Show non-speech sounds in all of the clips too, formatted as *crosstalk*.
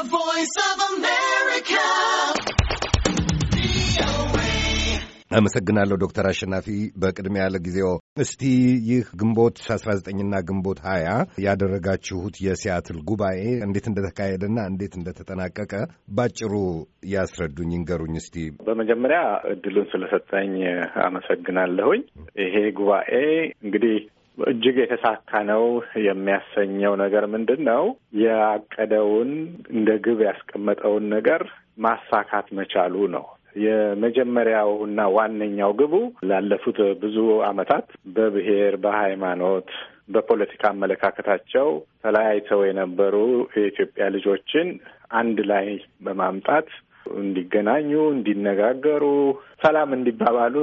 The Voice of America. አመሰግናለሁ ዶክተር አሸናፊ በቅድሚያ ለጊዜው እስቲ ይህ ግንቦት 19ና ግንቦት 20 ያደረጋችሁት የሲያትል ጉባኤ እንዴት እንደተካሄደና እንዴት እንደተጠናቀቀ ባጭሩ ያስረዱኝ፣ ይንገሩኝ እስቲ። በመጀመሪያ እድሉን ስለሰጠኝ አመሰግናለሁኝ። ይሄ ጉባኤ እንግዲህ እጅግ የተሳካ ነው የሚያሰኘው ነገር ምንድን ነው? ያቀደውን እንደ ግብ ያስቀመጠውን ነገር ማሳካት መቻሉ ነው። የመጀመሪያው እና ዋነኛው ግቡ ላለፉት ብዙ ዓመታት በብሔር፣ በሃይማኖት፣ በፖለቲካ አመለካከታቸው ተለያይተው የነበሩ የኢትዮጵያ ልጆችን አንድ ላይ በማምጣት እንዲገናኙ፣ እንዲነጋገሩ፣ ሰላም እንዲባባሉ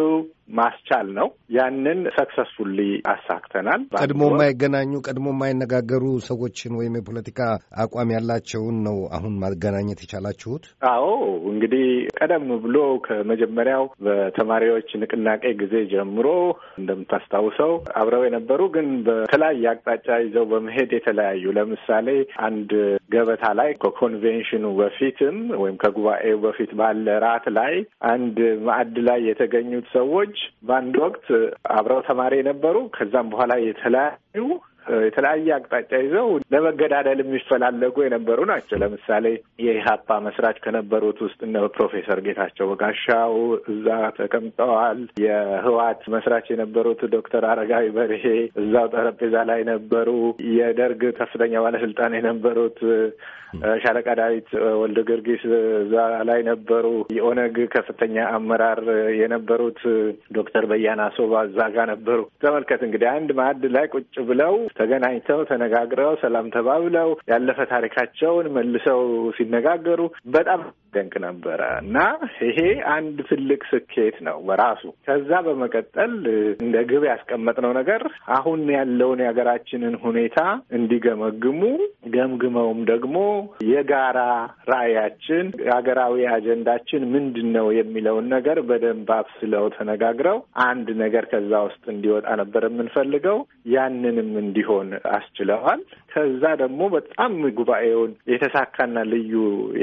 ማስቻል ነው። ያንን ሰክሰስፉሊ አሳክተናል። ቀድሞ የማይገናኙ ቀድሞ የማይነጋገሩ ሰዎችን ወይም የፖለቲካ አቋም ያላቸውን ነው አሁን ማገናኘት የቻላችሁት? አዎ እንግዲህ ቀደም ብሎ ከመጀመሪያው በተማሪዎች ንቅናቄ ጊዜ ጀምሮ እንደምታስታውሰው አብረው የነበሩ ግን በተለያየ አቅጣጫ ይዘው በመሄድ የተለያዩ ለምሳሌ አንድ ገበታ ላይ ከኮንቬንሽኑ በፊትም ወይም ከጉባኤው በፊት ባለ ራት ላይ አንድ ማዕድ ላይ የተገኙት ሰዎች በአንድ ወቅት አብረው ተማሪ የነበሩ ከዛም በኋላ የተለያዩ የተለያየ አቅጣጫ ይዘው ለመገዳደል የሚፈላለጉ የነበሩ ናቸው። ለምሳሌ የኢህአፓ መስራች ከነበሩት ውስጥ እነ ፕሮፌሰር ጌታቸው በጋሻው እዛ ተቀምጠዋል። የህዋት መስራች የነበሩት ዶክተር አረጋዊ በርሄ እዛው ጠረጴዛ ላይ ነበሩ። የደርግ ከፍተኛ ባለስልጣን የነበሩት ሻለቃ ዳዊት ወልደ ጊዮርጊስ እዛ ላይ ነበሩ። የኦነግ ከፍተኛ አመራር የነበሩት ዶክተር በያና ሶባ እዛ ጋ ነበሩ። ተመልከት እንግዲህ አንድ ማዕድ ላይ ቁጭ ብለው ተገናኝተው ተነጋግረው ሰላም ተባብለው ያለፈ ታሪካቸውን መልሰው ሲነጋገሩ በጣም ደንቅ ነበረ እና ይሄ አንድ ትልቅ ስኬት ነው በራሱ። ከዛ በመቀጠል እንደ ግብ ያስቀመጥነው ነገር አሁን ያለውን የሀገራችንን ሁኔታ እንዲገመግሙ ገምግመውም ደግሞ የጋራ ራዕያችን ሀገራዊ አጀንዳችን ምንድን ነው የሚለውን ነገር በደንብ አብስለው ተነጋግረው አንድ ነገር ከዛ ውስጥ እንዲወጣ ነበር የምንፈልገው። ያንንም እንዲሁ እንዲሆን አስችለዋል። ከዛ ደግሞ በጣም ጉባኤውን የተሳካና ልዩ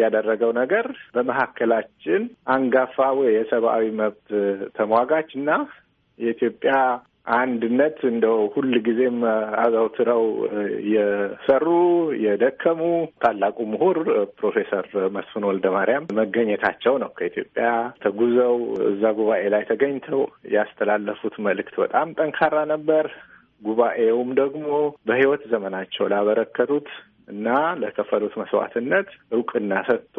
ያደረገው ነገር በመካከላችን አንጋፋው የሰብአዊ መብት ተሟጋች እና የኢትዮጵያ አንድነት እንደው ሁል ጊዜም አዘውትረው የሰሩ የደከሙ ታላቁ ምሁር ፕሮፌሰር መስፍን ወልደ ማርያም መገኘታቸው ነው። ከኢትዮጵያ ተጉዘው እዛ ጉባኤ ላይ ተገኝተው ያስተላለፉት መልእክት በጣም ጠንካራ ነበር። ጉባኤውም ደግሞ በሕይወት ዘመናቸው ላበረከቱት እና ለከፈሉት መስዋዕትነት እውቅና ሰጥቶ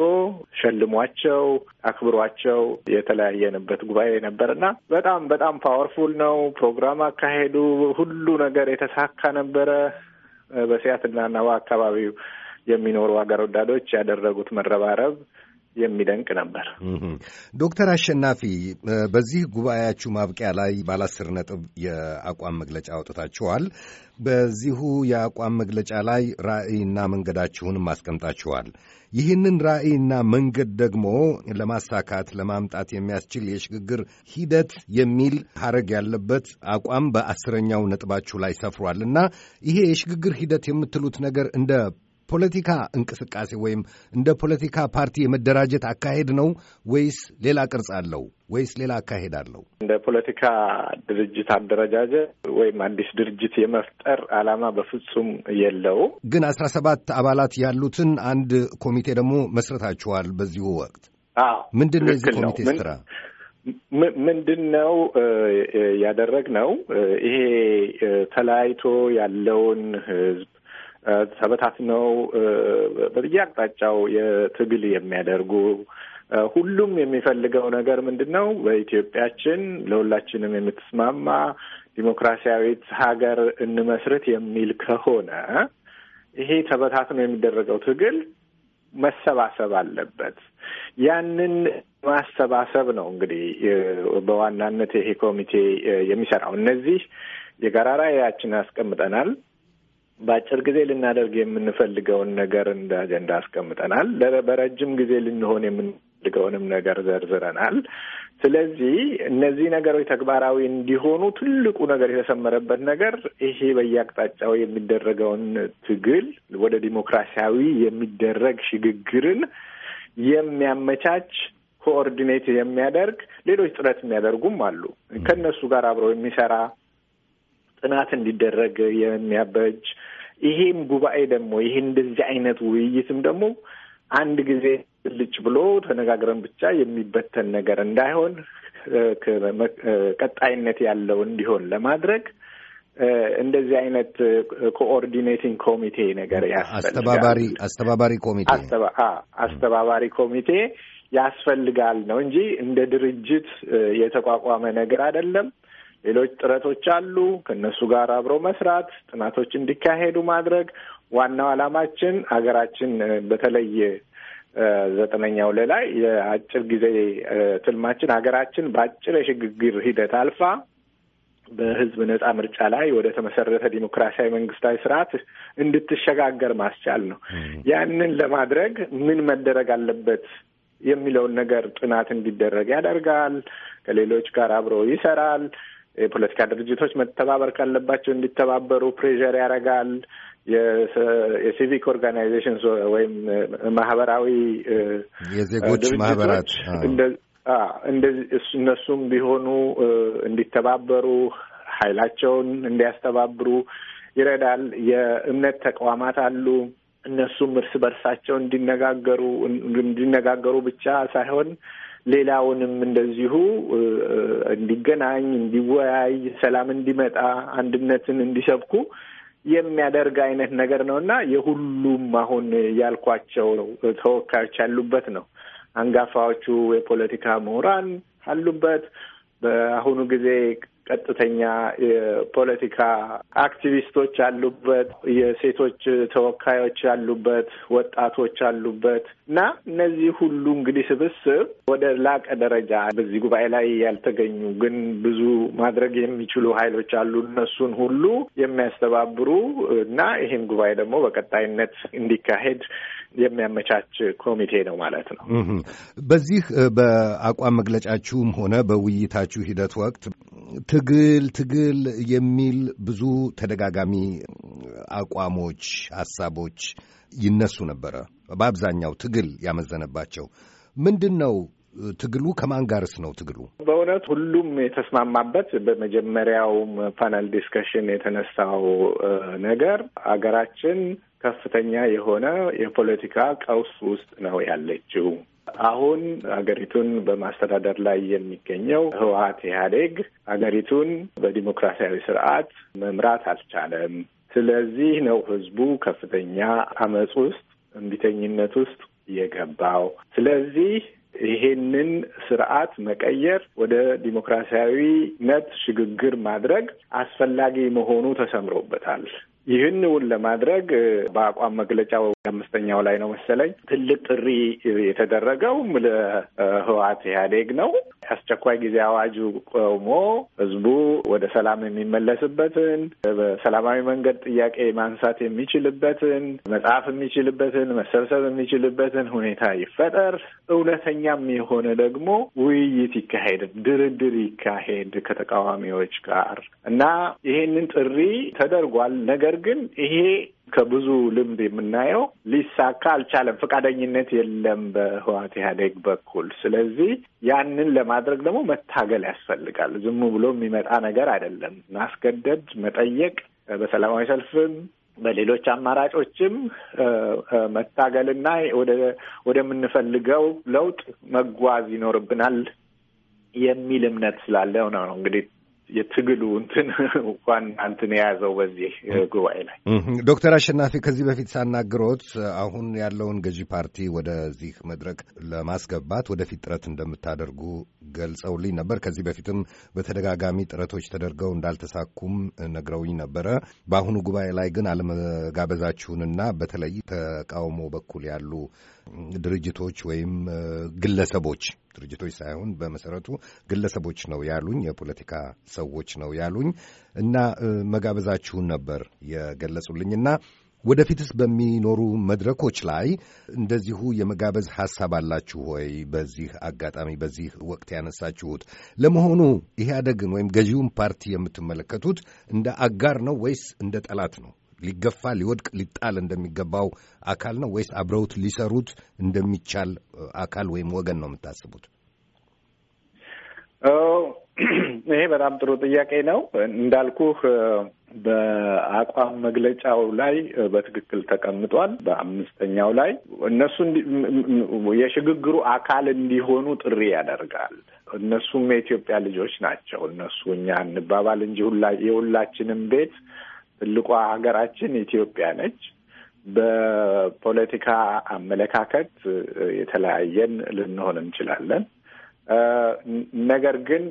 ሸልሟቸው አክብሯቸው የተለያየንበት ጉባኤ ነበር እና በጣም በጣም ፓወርፉል ነው። ፕሮግራም አካሄዱ ሁሉ ነገር የተሳካ ነበረ። በሲያትልና እና በአካባቢው የሚኖሩ ሀገር ወዳዶች ያደረጉት መረባረብ የሚደንቅ ነበር። ዶክተር አሸናፊ በዚህ ጉባኤያችሁ ማብቂያ ላይ ባለ ነጥብ የአቋም መግለጫ አውጥታችኋል። በዚሁ የአቋም መግለጫ ላይ ራዕይና መንገዳችሁንም አስቀምጣችኋል። ይህንን ራዕይና መንገድ ደግሞ ለማሳካት ለማምጣት የሚያስችል የሽግግር ሂደት የሚል ሀረግ ያለበት አቋም በአስረኛው ነጥባችሁ ላይ ሰፍሯል እና ይሄ የሽግግር ሂደት የምትሉት ነገር እንደ ፖለቲካ እንቅስቃሴ ወይም እንደ ፖለቲካ ፓርቲ የመደራጀት አካሄድ ነው ወይስ ሌላ ቅርጽ አለው ወይስ ሌላ አካሄድ አለው? እንደ ፖለቲካ ድርጅት አደረጃጀት ወይም አዲስ ድርጅት የመፍጠር ዓላማ በፍጹም የለው ግን አስራ ሰባት አባላት ያሉትን አንድ ኮሚቴ ደግሞ መስረታችኋል በዚሁ ወቅት። ምንድን ነው የዚህ ኮሚቴ ስራ? ምንድን ነው ያደረግነው? ይሄ ተለያይቶ ያለውን ህዝብ ተበታትነው በየአቅጣጫው የትግል የሚያደርጉ ሁሉም የሚፈልገው ነገር ምንድን ነው? በኢትዮጵያችን ለሁላችንም የምትስማማ ዲሞክራሲያዊት ሀገር እንመስርት የሚል ከሆነ ይሄ ተበታትኖ የሚደረገው ትግል መሰባሰብ አለበት። ያንን ማሰባሰብ ነው እንግዲህ በዋናነት ይሄ ኮሚቴ የሚሰራው። እነዚህ የጋራ ራዕያችን ያስቀምጠናል በአጭር ጊዜ ልናደርግ የምንፈልገውን ነገር እንደ አጀንዳ አስቀምጠናል። በረጅም ጊዜ ልንሆን የምንፈልገውንም ነገር ዘርዝረናል። ስለዚህ እነዚህ ነገሮች ተግባራዊ እንዲሆኑ ትልቁ ነገር የተሰመረበት ነገር ይሄ በየአቅጣጫው የሚደረገውን ትግል ወደ ዲሞክራሲያዊ የሚደረግ ሽግግርን የሚያመቻች ኮኦርዲኔት የሚያደርግ ሌሎች ጥረት የሚያደርጉም አሉ። ከእነሱ ጋር አብረው የሚሰራ ጥናት እንዲደረግ የሚያበጅ ይሄም ጉባኤ ደግሞ ይሄ እንደዚህ አይነት ውይይትም ደግሞ አንድ ጊዜ ልጭ ብሎ ተነጋግረን ብቻ የሚበተን ነገር እንዳይሆን ቀጣይነት ያለው እንዲሆን ለማድረግ እንደዚህ አይነት ኮኦርዲኔቲንግ ኮሚቴ ነገር ያስፈልጋል። አስተባባሪ አስተባባሪ ኮሚቴ አስተባባሪ ኮሚቴ ያስፈልጋል ነው እንጂ እንደ ድርጅት የተቋቋመ ነገር አይደለም። ሌሎች ጥረቶች አሉ። ከእነሱ ጋር አብሮ መስራት፣ ጥናቶች እንዲካሄዱ ማድረግ ዋናው ዓላማችን ሀገራችን በተለይ ዘጠነኛው ላይ የአጭር ጊዜ ትልማችን ሀገራችን በአጭር የሽግግር ሂደት አልፋ በህዝብ ነጻ ምርጫ ላይ ወደ ተመሰረተ ዲሞክራሲያዊ መንግስታዊ ስርዓት እንድትሸጋገር ማስቻል ነው። ያንን ለማድረግ ምን መደረግ አለበት የሚለውን ነገር ጥናት እንዲደረግ ያደርጋል። ከሌሎች ጋር አብሮ ይሰራል። የፖለቲካ ድርጅቶች መተባበር ካለባቸው እንዲተባበሩ ፕሬዠር ያደርጋል። የሲቪክ ኦርጋናይዜሽን ወይም ማህበራዊ የዜጎች ማህበራት እነሱም ቢሆኑ እንዲተባበሩ ኃይላቸውን እንዲያስተባብሩ ይረዳል። የእምነት ተቋማት አሉ። እነሱም እርስ በርሳቸው እንዲነጋገሩ እንዲነጋገሩ ብቻ ሳይሆን ሌላውንም እንደዚሁ እንዲገናኝ፣ እንዲወያይ፣ ሰላም እንዲመጣ፣ አንድነትን እንዲሰብኩ የሚያደርግ አይነት ነገር ነው እና የሁሉም አሁን ያልኳቸው ተወካዮች ያሉበት ነው። አንጋፋዎቹ የፖለቲካ ምሁራን አሉበት። በአሁኑ ጊዜ ቀጥተኛ የፖለቲካ አክቲቪስቶች ያሉበት፣ የሴቶች ተወካዮች ያሉበት፣ ወጣቶች ያሉበት እና እነዚህ ሁሉ እንግዲህ ስብስብ ወደ ላቀ ደረጃ በዚህ ጉባኤ ላይ ያልተገኙ ግን ብዙ ማድረግ የሚችሉ ኃይሎች አሉ። እነሱን ሁሉ የሚያስተባብሩ እና ይህን ጉባኤ ደግሞ በቀጣይነት እንዲካሄድ የሚያመቻች ኮሚቴ ነው ማለት ነው። በዚህ በአቋም መግለጫችሁም ሆነ በውይይታችሁ ሂደት ወቅት ትግል ትግል የሚል ብዙ ተደጋጋሚ አቋሞች፣ ሀሳቦች ይነሱ ነበረ። በአብዛኛው ትግል ያመዘነባቸው ምንድን ነው? ትግሉ ከማን ጋርስ ነው ትግሉ? በእውነት ሁሉም የተስማማበት በመጀመሪያውም ፓነል ዲስከሽን የተነሳው ነገር አገራችን ከፍተኛ የሆነ የፖለቲካ ቀውስ ውስጥ ነው ያለችው አሁን ሀገሪቱን በማስተዳደር ላይ የሚገኘው ህወሀት ኢህአዴግ ሀገሪቱን በዲሞክራሲያዊ ስርዓት መምራት አልቻለም። ስለዚህ ነው ህዝቡ ከፍተኛ አመፅ ውስጥ እምቢተኝነት ውስጥ የገባው። ስለዚህ ይሄንን ስርዓት መቀየር ወደ ዲሞክራሲያዊነት ሽግግር ማድረግ አስፈላጊ መሆኑ ተሰምሮበታል። ይህን እውን ለማድረግ በአቋም መግለጫው አምስተኛው ላይ ነው መሰለኝ ትልቅ ጥሪ የተደረገው ለህወሓት ኢህአዴግ ነው። አስቸኳይ ጊዜ አዋጁ ቆሞ ህዝቡ ወደ ሰላም የሚመለስበትን በሰላማዊ መንገድ ጥያቄ ማንሳት የሚችልበትን መጽሐፍ የሚችልበትን መሰብሰብ የሚችልበትን ሁኔታ ይፈጠር፣ እውነተኛም የሆነ ደግሞ ውይይት ይካሄድ፣ ድርድር ይካሄድ ከተቃዋሚዎች ጋር እና ይሄንን ጥሪ ተደርጓል ነገር ነገር ግን ይሄ ከብዙ ልምድ የምናየው ሊሳካ አልቻለም። ፈቃደኝነት የለም በህዋት ኢህአዴግ በኩል። ስለዚህ ያንን ለማድረግ ደግሞ መታገል ያስፈልጋል። ዝም ብሎ የሚመጣ ነገር አይደለም። ማስገደድ፣ መጠየቅ፣ በሰላማዊ ሰልፍም በሌሎች አማራጮችም መታገልና ወደምንፈልገው ለውጥ መጓዝ ይኖርብናል የሚል እምነት ስላለ ነው እንግዲህ የትግሉ እንትን ዋና *laughs* እንትን የያዘው በዚህ ጉባኤ ላይ ዶክተር አሸናፊ ከዚህ በፊት ሳናግሮት አሁን ያለውን ገዢ ፓርቲ ወደዚህ መድረክ ለማስገባት ወደፊት ጥረት እንደምታደርጉ ገልጸውልኝ ነበር። ከዚህ በፊትም በተደጋጋሚ ጥረቶች ተደርገው እንዳልተሳኩም ነግረውኝ ነበረ። በአሁኑ ጉባኤ ላይ ግን አለመጋበዛችሁንና በተለይ ተቃውሞ በኩል ያሉ ድርጅቶች ወይም ግለሰቦች ድርጅቶች ሳይሆን በመሰረቱ ግለሰቦች ነው ያሉኝ፣ የፖለቲካ ሰዎች ነው ያሉኝ እና መጋበዛችሁን ነበር የገለጹልኝና ወደፊትስ በሚኖሩ መድረኮች ላይ እንደዚሁ የመጋበዝ ሐሳብ አላችሁ ወይ? በዚህ አጋጣሚ በዚህ ወቅት ያነሳችሁት ለመሆኑ ኢህአደግን ወይም ገዢውን ፓርቲ የምትመለከቱት እንደ አጋር ነው ወይስ እንደ ጠላት ነው? ሊገፋ ሊወድቅ ሊጣል እንደሚገባው አካል ነው ወይስ አብረውት ሊሰሩት እንደሚቻል አካል ወይም ወገን ነው የምታስቡት? ይሄ በጣም ጥሩ ጥያቄ ነው። እንዳልኩህ በአቋም መግለጫው ላይ በትክክል ተቀምጧል። በአምስተኛው ላይ እነሱ የሽግግሩ አካል እንዲሆኑ ጥሪ ያደርጋል። እነሱም የኢትዮጵያ ልጆች ናቸው። እነሱ እኛ እንባባል እንጂ የሁላችንም ቤት ትልቋ ሀገራችን ኢትዮጵያ ነች። በፖለቲካ አመለካከት የተለያየን ልንሆን እንችላለን። ነገር ግን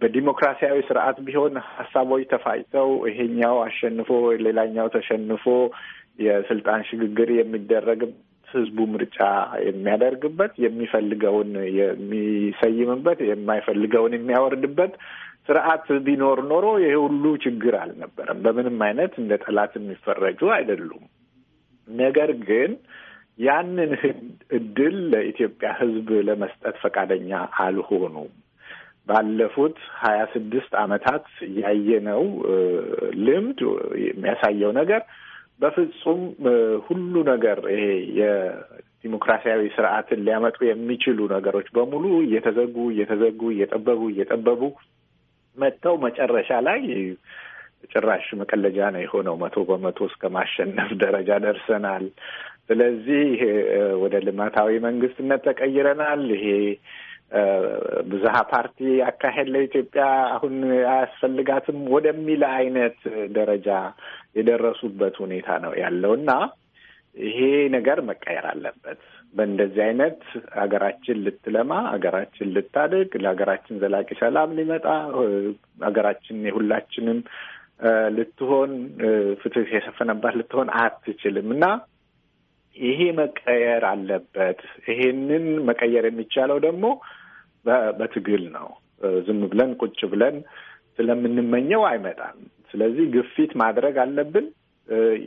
በዲሞክራሲያዊ ስርዓት ቢሆን ሀሳቦች ተፋጭተው ይሄኛው አሸንፎ ሌላኛው ተሸንፎ የስልጣን ሽግግር የሚደረግበት ህዝቡ ምርጫ የሚያደርግበት የሚፈልገውን የሚሰይምበት የማይፈልገውን የሚያወርድበት ስርዓት ቢኖር ኖሮ ይሄ ሁሉ ችግር አልነበረም። በምንም አይነት እንደ ጠላት የሚፈረጁ አይደሉም። ነገር ግን ያንን እድል ለኢትዮጵያ ሕዝብ ለመስጠት ፈቃደኛ አልሆኑም። ባለፉት ሀያ ስድስት ዓመታት ያየነው ልምድ የሚያሳየው ነገር በፍጹም ሁሉ ነገር ይሄ የዲሞክራሲያዊ ስርዓትን ሊያመጡ የሚችሉ ነገሮች በሙሉ እየተዘጉ እየተዘጉ እየጠበቡ እየጠበቡ መጥተው መጨረሻ ላይ ጭራሽ መቀለጃ ነው የሆነው። መቶ በመቶ እስከ ማሸነፍ *laughs* ደረጃ ደርሰናል። ስለዚህ ወደ ልማታዊ መንግስትነት ተቀይረናል። ይሄ ብዝሃ ፓርቲ አካሄድ ለኢትዮጵያ አሁን አያስፈልጋትም ወደሚል አይነት ደረጃ የደረሱበት ሁኔታ ነው ያለው እና ይሄ ነገር መቀየር አለበት። በእንደዚህ አይነት ሀገራችን ልትለማ፣ ሀገራችን ልታድግ፣ ለሀገራችን ዘላቂ ሰላም ሊመጣ፣ ሀገራችን የሁላችንም ልትሆን ፍትህ የሰፈነባት ልትሆን አትችልም እና ይሄ መቀየር አለበት። ይሄንን መቀየር የሚቻለው ደግሞ በትግል ነው። ዝም ብለን ቁጭ ብለን ስለምንመኘው አይመጣም። ስለዚህ ግፊት ማድረግ አለብን።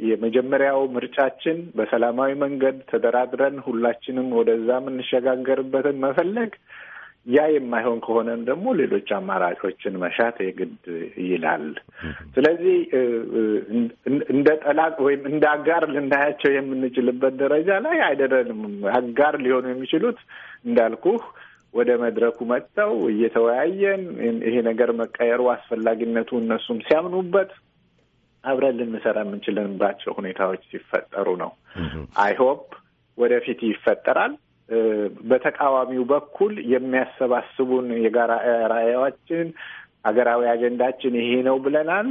የመጀመሪያው ምርጫችን በሰላማዊ መንገድ ተደራድረን ሁላችንም ወደዛ የምንሸጋገርበትን መፈለግ፣ ያ የማይሆን ከሆነም ደግሞ ሌሎች አማራጮችን መሻት የግድ ይላል። ስለዚህ እንደ ጠላት ወይም እንደ አጋር ልናያቸው የምንችልበት ደረጃ ላይ አይደለንም። አጋር ሊሆኑ የሚችሉት እንዳልኩህ ወደ መድረኩ መጥተው እየተወያየን ይሄ ነገር መቀየሩ አስፈላጊነቱ እነሱም ሲያምኑበት አብረን ልንሰራ የምንችለንባቸው ሁኔታዎች ሲፈጠሩ ነው። አይሆፕ ወደፊት ይፈጠራል። በተቃዋሚው በኩል የሚያሰባስቡን የጋራ ራዕያችን፣ ሀገራዊ አጀንዳችን ይሄ ነው ብለናል።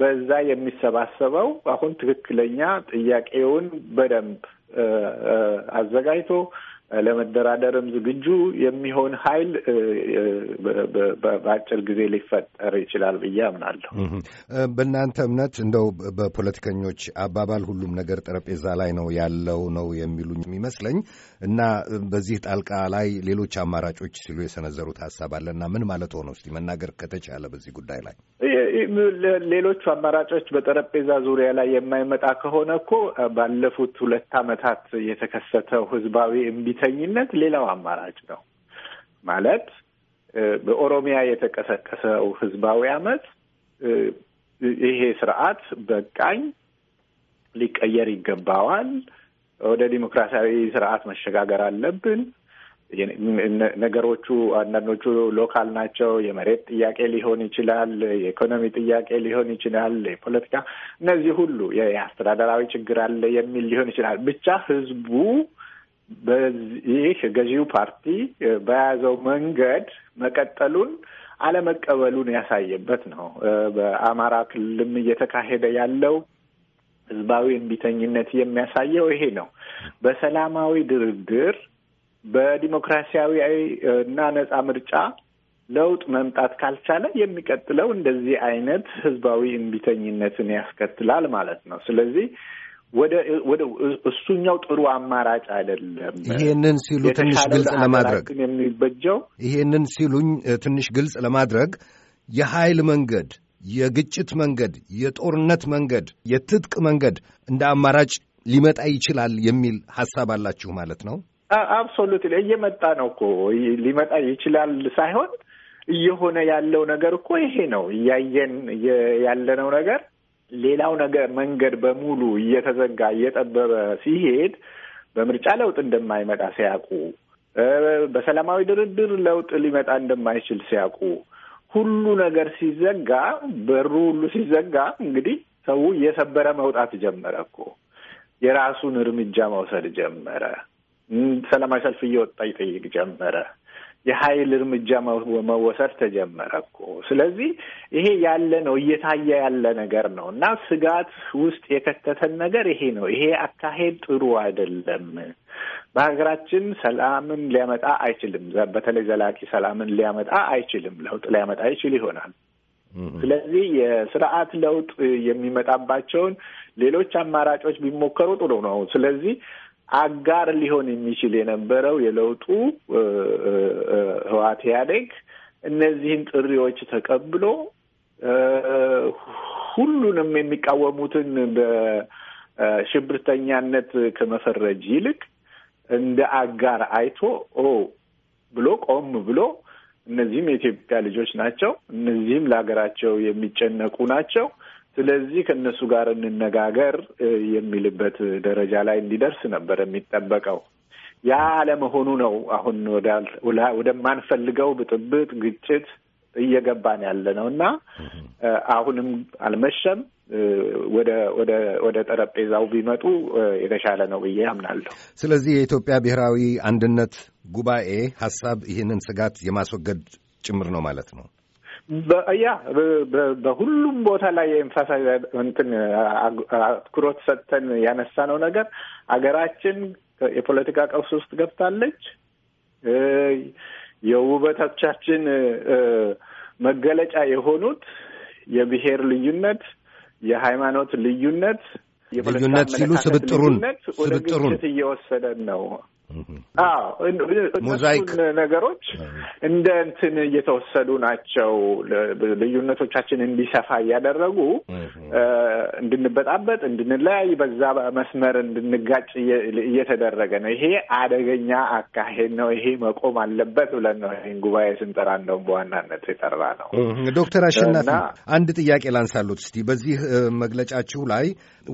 በዛ የሚሰባሰበው አሁን ትክክለኛ ጥያቄውን በደንብ አዘጋጅቶ ለመደራደርም ዝግጁ የሚሆን ኃይል በአጭር ጊዜ ሊፈጠር ይችላል ብዬ አምናለሁ። በእናንተ እምነት እንደው በፖለቲከኞች አባባል ሁሉም ነገር ጠረጴዛ ላይ ነው ያለው ነው የሚሉኝ የሚመስለኝ እና በዚህ ጣልቃ ላይ ሌሎች አማራጮች ሲሉ የሰነዘሩት ሀሳብ አለ እና ምን ማለት ሆነው እስኪ መናገር ከተቻለ በዚህ ጉዳይ ላይ ሌሎቹ አማራጮች በጠረጴዛ ዙሪያ ላይ የማይመጣ ከሆነ እኮ ባለፉት ሁለት ዓመታት የተከሰተው ህዝባዊ እምቢት እምቢተኝነት ሌላው አማራጭ ነው ማለት በኦሮሚያ የተቀሰቀሰው ህዝባዊ አመት ይሄ ስርዓት በቃኝ፣ ሊቀየር ይገባዋል፣ ወደ ዲሞክራሲያዊ ስርዓት መሸጋገር አለብን። ነገሮቹ አንዳንዶቹ ሎካል ናቸው። የመሬት ጥያቄ ሊሆን ይችላል፣ የኢኮኖሚ ጥያቄ ሊሆን ይችላል፣ የፖለቲካ እነዚህ ሁሉ የአስተዳደራዊ ችግር አለ የሚል ሊሆን ይችላል። ብቻ ህዝቡ በዚህ ገዢው ፓርቲ በያዘው መንገድ መቀጠሉን አለመቀበሉን ያሳየበት ነው። በአማራ ክልልም እየተካሄደ ያለው ህዝባዊ እንቢተኝነት የሚያሳየው ይሄ ነው። በሰላማዊ ድርድር፣ በዲሞክራሲያዊ እና ነጻ ምርጫ ለውጥ መምጣት ካልቻለ የሚቀጥለው እንደዚህ አይነት ህዝባዊ እንቢተኝነትን ያስከትላል ማለት ነው። ስለዚህ ወደ ወደ እሱኛው ጥሩ አማራጭ አይደለም። ይሄንን ሲሉ ትንሽ ግልጽ ለማድረግ የሚበጀው ይሄንን ሲሉኝ ትንሽ ግልጽ ለማድረግ የኃይል መንገድ፣ የግጭት መንገድ፣ የጦርነት መንገድ፣ የትጥቅ መንገድ እንደ አማራጭ ሊመጣ ይችላል የሚል ሀሳብ አላችሁ ማለት ነው። አብሶሉት እየመጣ ነው እኮ ሊመጣ ይችላል ሳይሆን እየሆነ ያለው ነገር እኮ ይሄ ነው። እያየን ያለነው ነገር ሌላው ነገር መንገድ በሙሉ እየተዘጋ እየጠበበ ሲሄድ በምርጫ ለውጥ እንደማይመጣ ሲያውቁ፣ በሰላማዊ ድርድር ለውጥ ሊመጣ እንደማይችል ሲያውቁ፣ ሁሉ ነገር ሲዘጋ፣ በሩ ሁሉ ሲዘጋ እንግዲህ ሰው እየሰበረ መውጣት ጀመረ እኮ የራሱን እርምጃ መውሰድ ጀመረ። ሰላማዊ ሰልፍ እየወጣ ይጠይቅ ጀመረ። የኃይል እርምጃ መወሰድ ተጀመረ እኮ። ስለዚህ ይሄ ያለ ነው፣ እየታየ ያለ ነገር ነው እና ስጋት ውስጥ የከተተን ነገር ይሄ ነው። ይሄ አካሄድ ጥሩ አይደለም፣ በሀገራችን ሰላምን ሊያመጣ አይችልም። በተለይ ዘላቂ ሰላምን ሊያመጣ አይችልም። ለውጥ ሊያመጣ ይችል ይሆናል። ስለዚህ የስርዓት ለውጥ የሚመጣባቸውን ሌሎች አማራጮች ቢሞከሩ ጥሩ ነው። ስለዚህ አጋር ሊሆን የሚችል የነበረው የለውጡ ህዋት ኢህአዴግ እነዚህን ጥሪዎች ተቀብሎ ሁሉንም የሚቃወሙትን በሽብርተኛነት ከመፈረጅ ይልቅ እንደ አጋር አይቶ ኦ ብሎ ቆም ብሎ እነዚህም የኢትዮጵያ ልጆች ናቸው፣ እነዚህም ለሀገራቸው የሚጨነቁ ናቸው ስለዚህ ከእነሱ ጋር እንነጋገር የሚልበት ደረጃ ላይ እንዲደርስ ነበር የሚጠበቀው። ያ አለመሆኑ ነው አሁን ወደማንፈልገው ብጥብጥ፣ ግጭት እየገባን ያለ ነው እና አሁንም አልመሸም። ወደ ጠረጴዛው ቢመጡ የተሻለ ነው ብዬ አምናለሁ። ስለዚህ የኢትዮጵያ ብሔራዊ አንድነት ጉባኤ ሀሳብ ይህንን ስጋት የማስወገድ ጭምር ነው ማለት ነው። ያ በሁሉም ቦታ ላይ የኤምፋሳይዝ እንትን አትኩሮት ሰጥተን ያነሳ ነው ነገር አገራችን የፖለቲካ ቀውስ ውስጥ ገብታለች። የውበቶቻችን መገለጫ የሆኑት የብሔር ልዩነት፣ የሃይማኖት ልዩነት ልዩነት ሲሉ ስብጥሩን ስብጥሩን እየወሰደን ነው ሞዛይክ ነገሮች እንደ እንትን እየተወሰዱ ናቸው። ልዩነቶቻችን እንዲሰፋ እያደረጉ እንድንበጣበጥ፣ እንድንለያይ፣ በዛ መስመር እንድንጋጭ እየተደረገ ነው። ይሄ አደገኛ አካሄድ ነው። ይሄ መቆም አለበት ብለን ነው ይህን ጉባኤ ስንጠራ እንደውም በዋናነት የጠራ ነው። ዶክተር አሸናፊ አንድ ጥያቄ ላንሳሉት እስቲ በዚህ መግለጫችሁ ላይ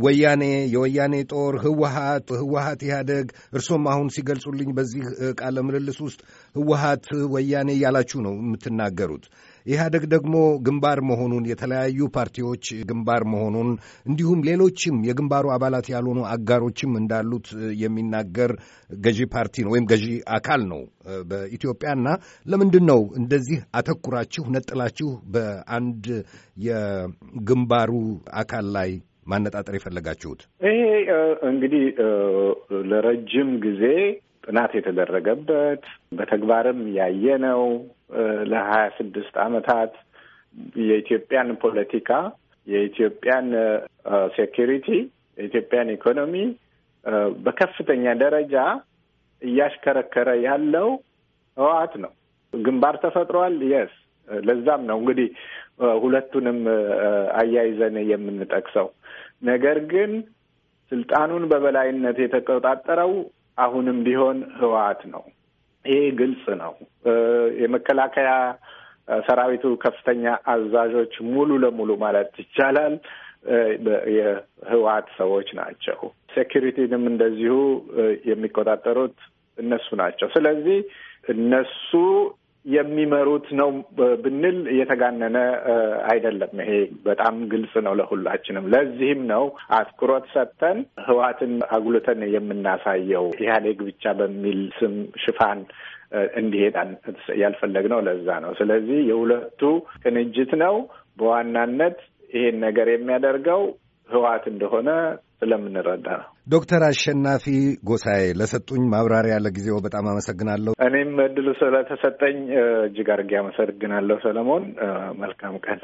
ወያኔ፣ የወያኔ ጦር፣ ህወሀት፣ ህወሀት ኢህአደግ እርሶም አሁን ሲ ስትገልጹልኝ በዚህ ቃለ ምልልስ ውስጥ ህወሀት ወያኔ እያላችሁ ነው የምትናገሩት። ኢህአደግ ደግሞ ግንባር መሆኑን የተለያዩ ፓርቲዎች ግንባር መሆኑን እንዲሁም ሌሎችም የግንባሩ አባላት ያልሆኑ አጋሮችም እንዳሉት የሚናገር ገዢ ፓርቲ ነው ወይም ገዢ አካል ነው በኢትዮጵያና ለምንድን ነው እንደዚህ አተኩራችሁ ነጥላችሁ በአንድ የግንባሩ አካል ላይ ማነጣጠር የፈለጋችሁት? ይሄ እንግዲህ ለረጅም ጊዜ ጥናት የተደረገበት በተግባርም ነው። ለሀያ ስድስት አመታት የኢትዮጵያን ፖለቲካ፣ የኢትዮጵያን ሴኪሪቲ፣ የኢትዮጵያን ኢኮኖሚ በከፍተኛ ደረጃ እያሽከረከረ ያለው ህወሓት ነው። ግንባር ተፈጥሯል። የስ ለዛም ነው እንግዲህ ሁለቱንም አያይዘን የምንጠቅሰው። ነገር ግን ስልጣኑን በበላይነት የተቆጣጠረው አሁንም ቢሆን ህወሓት ነው። ይሄ ግልጽ ነው። የመከላከያ ሰራዊቱ ከፍተኛ አዛዦች ሙሉ ለሙሉ ማለት ይቻላል የህወሓት ሰዎች ናቸው። ሴኪሪቲንም እንደዚሁ የሚቆጣጠሩት እነሱ ናቸው። ስለዚህ እነሱ የሚመሩት ነው ብንል እየተጋነነ አይደለም። ይሄ በጣም ግልጽ ነው ለሁላችንም። ለዚህም ነው አትኩሮት ሰጥተን ህወሓትን አጉልተን የምናሳየው ኢህአዴግ ብቻ በሚል ስም ሽፋን እንዲሄድ ያልፈለግነው ለዛ ነው። ስለዚህ የሁለቱ ቅንጅት ነው በዋናነት ይሄን ነገር የሚያደርገው ህወሓት እንደሆነ ስለምንረዳ ነው። ዶክተር አሸናፊ ጎሳዬ ለሰጡኝ ማብራሪያ ለጊዜው በጣም አመሰግናለሁ። እኔም እድሉ ስለተሰጠኝ እጅግ አድርጌ አመሰግናለሁ ሰለሞን። መልካም ቀን።